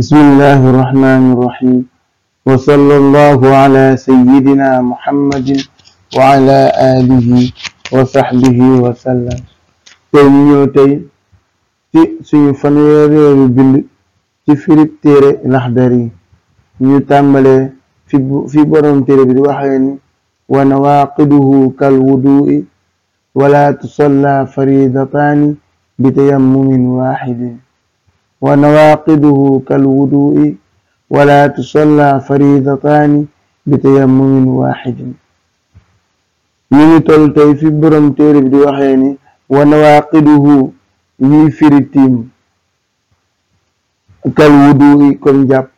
بسم الله الرحمن الرحيم وصلى الله على سيدنا محمد وعلى آله وصحبه وسلم tey ñu ñëw tey ci suñu fanweereelu bind ci firib téere Laxdari ñu tàmbalee fi fi borom téere bi di waxee ni wa nawaaqiduhu kal wudu'i wala tusalla faridataani bi tayammumin waaxidin ونواقده كالوضوء ولا تصلى فريضتان بتيمم واحد ñu ngi toll tey fi borom téere bi di waxee ni wa nawaaqiduhu ñuy firi tiim kal wudu comme jàpp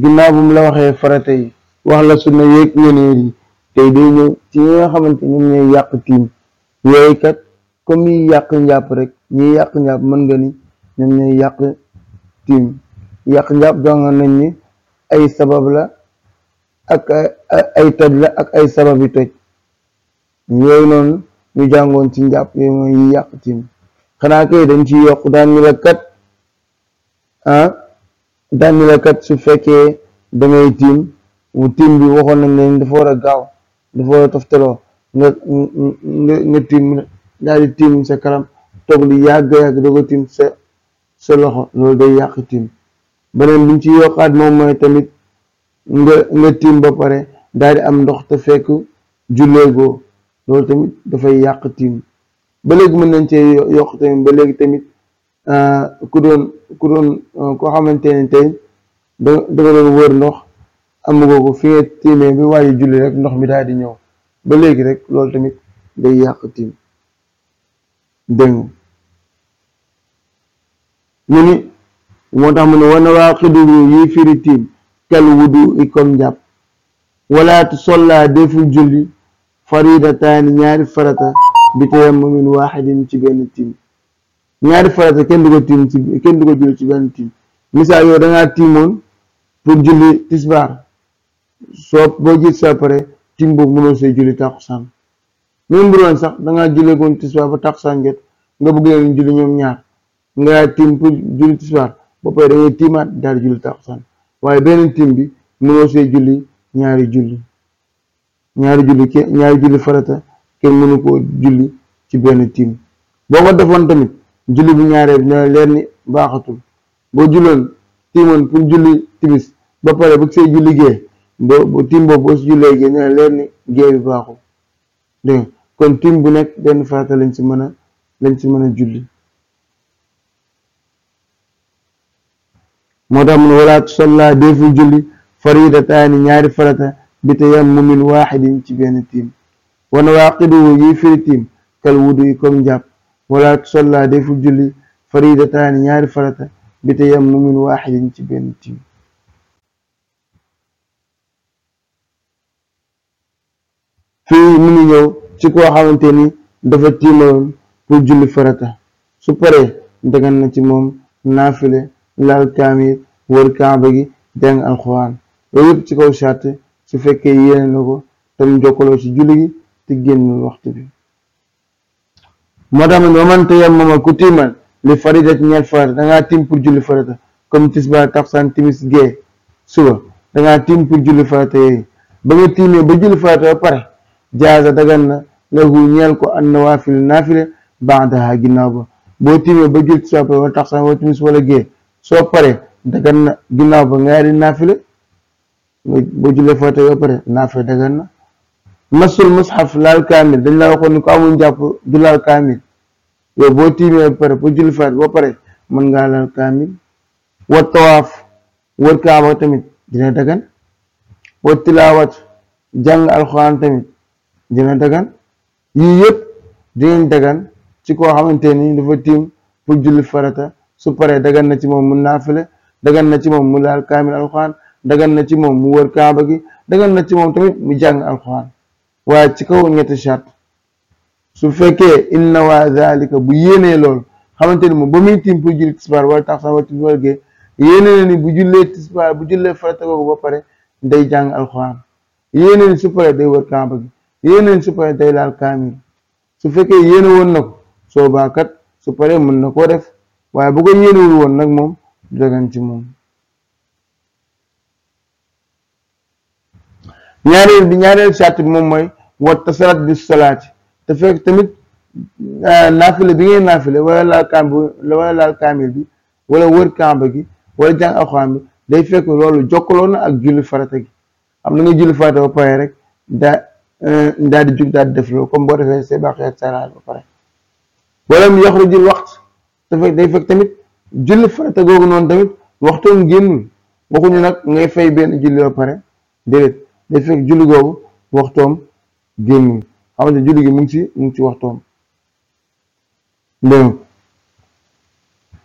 ginnaaw mu la waxee farata yi wax la sunna yeeg ngeneen yi day ñëw ci ñi nga xamante ñoom ñooy yàq tiim yooyu kat comme yi yàq njàpp rek ñi yàq njàpp mën nga ni ñoom ñooy yàq tiim yàq njàpp jonga nañ ni ay sabab la ak ay toj la ak ay sababi toj yooyu noonu ñu jàngoon ci njàpp yooyu mooy yi yàq tiim xanaa kay dañ ci yokk daan ñu la kat ah la kat su fekkee dangay tiim bu tiim bi waxoon nañ leen dafa war a gaaw dafa war a toftaloo nga nga nga tiim daal tiim sa kanam toog lu yàgg-yàgg doo ko tiim sa sa loxo loolu day yàq tiim beneen bi ñu ci yokkaat moom mooy tamit nga nga tiim ba pare daal di am ndox te fekk julleegoo loolu tamit dafay yàq tiim ba léegi mën nañ cee yokk tamit ba léegi tamit ku euh, ku doon euh, koo xamante ne tey da wër ndox amagoo ko fi nga tiimee bi ndox mi daal di ñëw ba léegi rek loolu tamit day yàq tiim dégg ñu ni moo tax mu ne wana waa xiduwu yi firi tiim kel wudu i comme njàpp walaat solla deful julli faridataani ñaari farata bi tayammumin waaxidin ci benn tiim ñaari farata kenn du ko tiim ci kenn du ko julli ci benn tiim misaal yow dangaa tiimoon pour julli tisbaar soo boo jiit sa pare tiim boobu mënoo see julli tàkkusaan même bu doon sax dangaa jullee tisbaar ba tàkkusaan jot nga bëgg leen julli ñoom ñaar nga tiim pour julli tisbaar ba pare da ngay tiimaat daal julli takusaan waaye benn tiim bi mënoo see julli ñaari julli ñaari julli ñaari julli farata kenn mënu koo julli ci benn tiim boo ko defoon tamit julli bu ñaareel dina leer ni baaxatul boo julloon tiimoon pour julli timis ba pare bu see julli gee boo tiim boobu boo si jullee gee dina leer ni gee bi baaxul dégg kon tiim bu nekk benn farata lañ si mën a lañ si mën a julli moo tax mun walaatu solla deful julli faridataani ñaari farata bi tayammumin waaxidin ci benn tiim waa nawaaqiduhu yi firi tiim kal wudu yi comme njàpp walaatu solla deful julli faridataani ñaari farata bi tayammumin waaxidin ci benn tiim fii mu ngi ñëw ci koo xamante ni dafa tiimaloon pour julli farata su paree dagan na ci moom naafile laal kaamil wër kaaba gi jàng alxuraan loolu yëpp ci kaw sart su fekkee yéene na ko te mu jokkaloo ci julli gi te génn waxtu bi moo tax man waman tayammama ku tiimal li farida ci ñeent farata dangaa tiim pour julli farata comme tisbaar takkusaan timis gee suba dangaa tiim pour julli farata yooyu ba nga tiimee ba julli farata ba pare jaaza dagan na lahu ñeel ko an nawaafil naafile ba'daha ginnaaw ba boo tiimee ba julli tisbaar wala takkusaan wala timis wala soo pare dagan na ginnaaw ba ñaari naafile boo jullee foote yoo pare naafile dagan na masul mushaf laal kaamil dañ la waxoon ni ko amul njàpp du laal kaamil yow boo tiimee pare boo julli faat boo pare mën ngaa laal kaamil wa tawaaf wër kaaba tamit dina dagan wa tilaawat jàng alxuraan tamit dina dagan yii yëpp dinañ dagan ci ko xamante ni dafa tiim pour julli farata su paree dagan na ci moom mu naafile dagan na ci moom mu laal kaamil alxuraan dagan na ci moom mu wër kaaba gi dagan na ci moom tamit mu jàng alxuraan waa ci kaw ñetti chart su fekkee inna waa zalika bu yéenee lool xamante ni moom ba muy tiim pour julli tisbaar wala tax sax wala tiim wala gee yéene ni bu jullee tisbaar bu jullee farata googu ba pare day jàng alxuraan yéene ni su paree day wër kaaba gi yéene ni su day laal kaamil su fekkee yéene woon na ko soo mën na koo def waaye bu ko yéenewul woon nag moom du ci moom ñaareel bi ñaareel sart bi moom mooy wat tasarat bi solaati te fekk tamit euh, naafile bi ngeen naafile wala laal kaam bi wala laal kaamil bi wala wër kaamba gi wala jàng alxuraan bi day fekk loolu jokkaloo na ak julli farata gi xam na nga julli pare rek daa euh, daa di jug daa di def loolu comme boo defee say baax yaag saraal pare wala mu yaxrujul wax dafay day fekk tamit julli farata googu noonu tamit waxtoom génnul waxuñu nag ngay fay benn julli ba pare déedéet day fekk julli googu waxtoom génnul xamante julli gi mu ngi ci mu ngi ci waxtoom dégg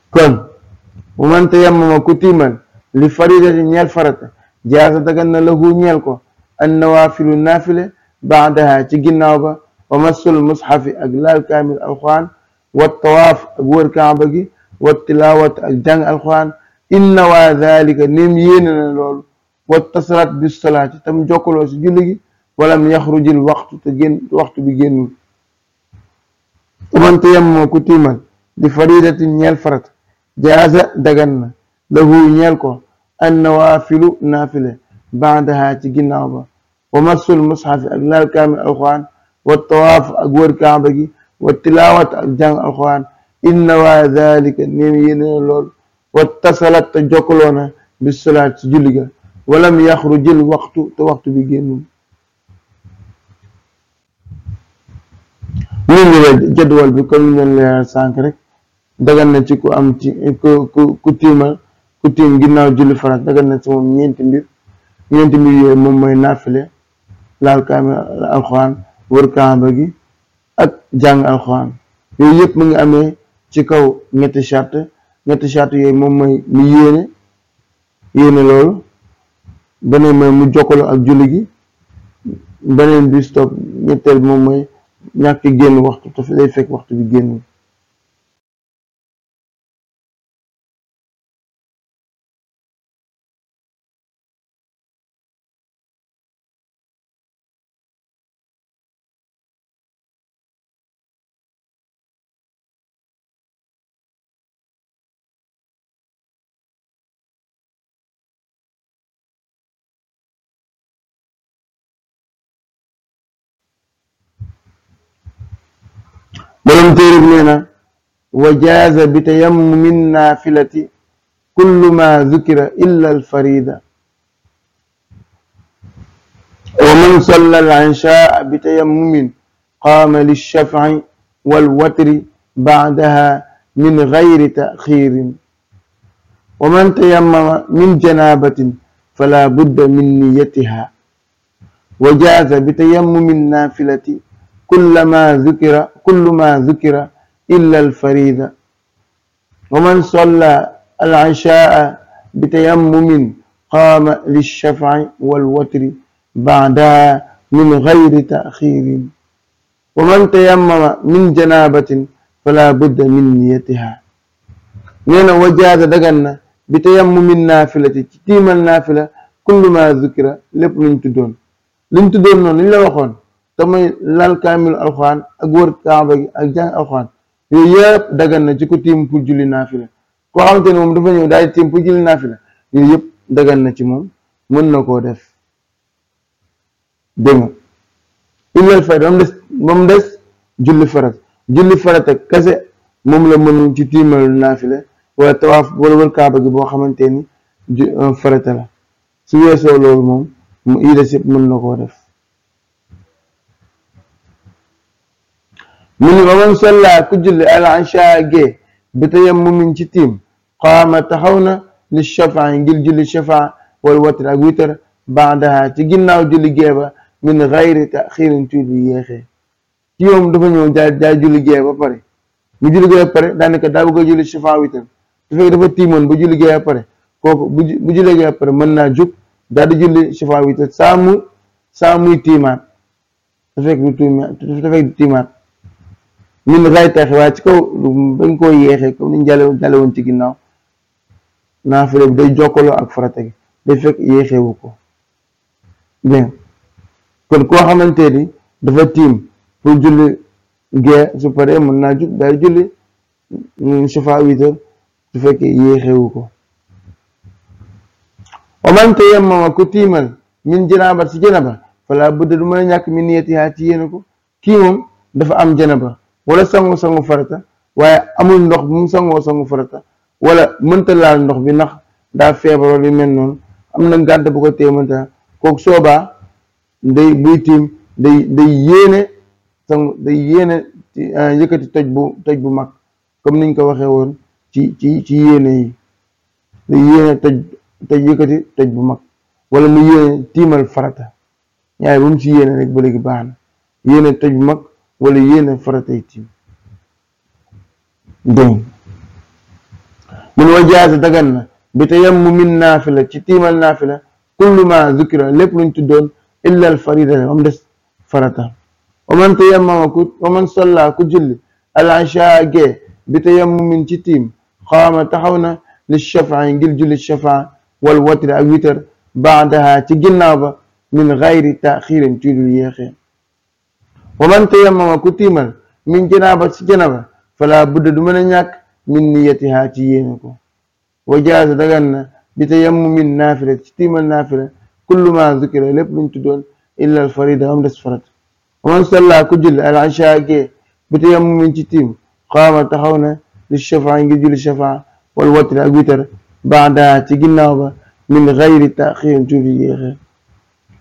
kon bu man tayammama ku tiimal li faridati ñeel farata jaasa dagan lahu ñeel ko an nawaafilu naafile baadaha ci ginnaaw ba wa masul mushafi ak laal kaamil alxuraan wa tawaaf ak wër kaaba gi wa tilawat ak jàng alquran inna waa dalika nim yéene na loolu wa tasrat bi salaati tam jokkaloo si julli gi walam yaxrujil waxtu te génn waxtu bi génnul man tayammama ku tiimal di faridati ñeel farat jaaza dagan na lahu ñeel ko an nawaafilu naafile baadaha ci ginnaaw ba wa massul mushaf ak laal kaamil alquran wa tawaaf ak wër kaaba gi wa tilaawat ak jàng alquran inna waa dalika neen yéene na lool wa tasalat te jokkaloona bi solaat ci julli ga walam yaxrujil waxtu te waxtu bi génnul ñu ngi la jadwal bi comme ñu leeral sànq rek dagan na ci ku am ci ku tiimal ku tiim ginnaaw julli farat dagan ci moom ñeenti mbir ñeenti mbir yooyu moom mooy naafile laal kaamil alquran wër kaaba gi ak jàng alxuraan yooyu yëpp mu ngi amee ci kaw ñetti charte ñetti charte yooyu moom mooy mu yéene yéene loolu beneen mooy mu jokkaloo ak julli gi beneen bi stop ñetteel moom mooy ñàkk génn waxtu dafa lay fekk waxtu bi génn borom téere bi nee na wa jaaza bi tayammumin naafilati kullu ma zukira illa alfarida wa man salla alanchaa bi tayammumin qaama lilshafci walwatri bacdaha min gayri taxiirin wa man tayammama min janaabatin fala budda min niyatiha wa jaaza bi tayammumin naafilati kullama zukira kulluma zukira illa alfarida wa man salla al-ishaa bitayammumin qaama lish-shaf'i wal-watri ba'daha min ghayri ta'khirin wa man tayammama min janabatin fala budda min niyatiha nee na wajaada dagan na bi tayammumin naafilati ci tiimal naafila kulluma zukira lépp luñ tuddoon luñ tuddoon noonu luñ la waxoon te muy lal kaamilu alxuraan ak wër kaaba gi ak jàng alxuraan yooyu yëpp dagan na ci ko tiim pour julli naafila koo xamante ne moom dafa ñëw daal di tiim pour julli naafila yooyu yëpp dagan na ci moom mën na koo def dégg nga illal fayda moom des moom des julli farat julli farata kese moom la mënul ci tiimalu naafila wala tawaaf wala wër kaaba gi boo xamante ni euh, farata la su weesoo loolu moom mu ida yëpp mën na koo def mu ni wa man salla ku julli al isha gee bi tayammumin ci tiim qaama taxaw na li shafaa ngir julli shafaa wal watr ak witar baadaha ci ginnaaw julli gee ba min xayri taxiirin ci lu yéexee ci dafa ñëw jaay jaay julli gee ba pare mu julli gee ba pare daanaka daa bëgg a julli shafaa witar su fekk dafa tiimoon ba julli gee ba pare kooku bu julli gee ba pare mën naa jóg daal di julli shafaa witar saa mu saa muy fekk du tiimaat tiimaat min ray waaye ci kaw bañ koo yéexee comme niñ jàlle ci ginnaaw naa bi day jokkaloo ak frate gi day fekk yéexewu ko bien kon koo xamante ni dafa tiim pour julli gee su paree mën naa jul day julli ñun sufa huit heures su fekkee yéexewu ko wamante yem mama ku tiimal min janaaba ci janaba fala budda du mën a ñàkk min niyatiha ci yéene ko kii moom dafa am janaba wala sangoo sangu farata waaye amul ndox bu mu sangoo sangu farata wala mënta laal ndox bi ndax daa feebaroo li mel noonu am na gànt bu ko tee mënta kooku soobaa day buy tiim day day yéene sangu day yéene euh, yëkkati toj bu toj bu mag comme niñ ko waxee woon ci ci ci yéene yi day yéene toj toj yëkkati toj bu mag wala mu yéene tiimal farata ñaay bu mu ci yéene rek ba léegi baax na yéene toj bu mag wala yéene faratay tiim dégg mun wa jaaza dagan na bi tayammu min naafila ci tiimal naafila kullu ma zukira lépp luñ tuddoon illa al farida moom des farata wa man tayammama ku wa man salla ku julli al ishaa gee bi tayammumin ci tiim xaama taxaw na li shafaa ngir julli shafaa wal watri ak witar baadaha ci ginnaaw ba min gayri taaxirin ci dul yéexee wa man tayammama ku tiimal min janaaba ci janaba fala budda du mën a ñàkk min niyatiha ci yéene ko wa jaaza dagan na bi tayammumin naafila ci tiimal naafila kullu ma zukira lépp luñ tuddoon illa al farida am des farat wa man salla ku julli al isha gee bi tayammumin ci tiim qaama taxaw na li shafaa ngir julli shafaa wal watri ak witar baada ci ginnaaw ba min gayri taaxirin tuuti yéexe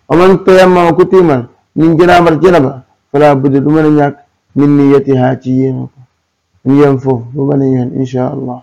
wa man tayammama ku tiimal min janaabar janaba fala budde du mën a ñàkk min niyatiha ci yéema ko ñu yem foofu ba beneen yoon allah